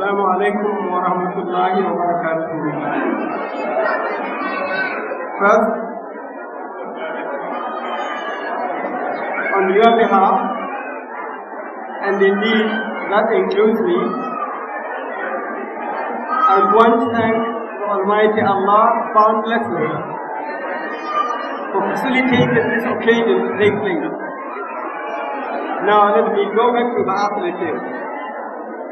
السلام alaikum wa rahmatullahi wa barakatuh. First, on your behalf, and indeed that includes me, I want to thank Almighty Allah boundlessly for facilitating this occasion to take place. Now let me go back to the athletics.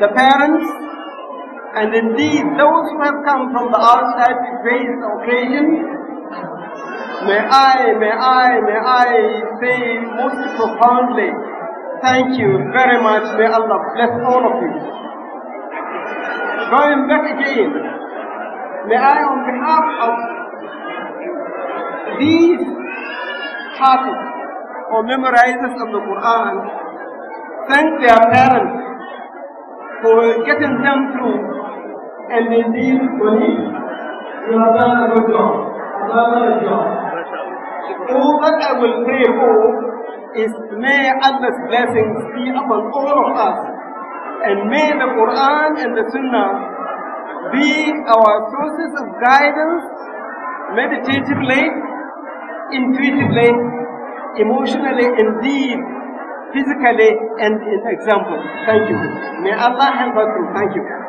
the parents, and indeed those who have come from the outside to grace the occasion. May I, may I, may I say most profoundly, thank you very much. May Allah bless all of you. Going back again, may I on behalf of these hafiz or memorizers of the Quran, thank their parents you getting them through, and they need belief. You have done a good job. You have done a job. All that I will pray for is may Allah's blessings be upon all of us, and may the Quran and the Sunnah be our sources of guidance meditatively, intuitively, emotionally, indeed, physically and in example. Thank you. May Allah help us. Thank you.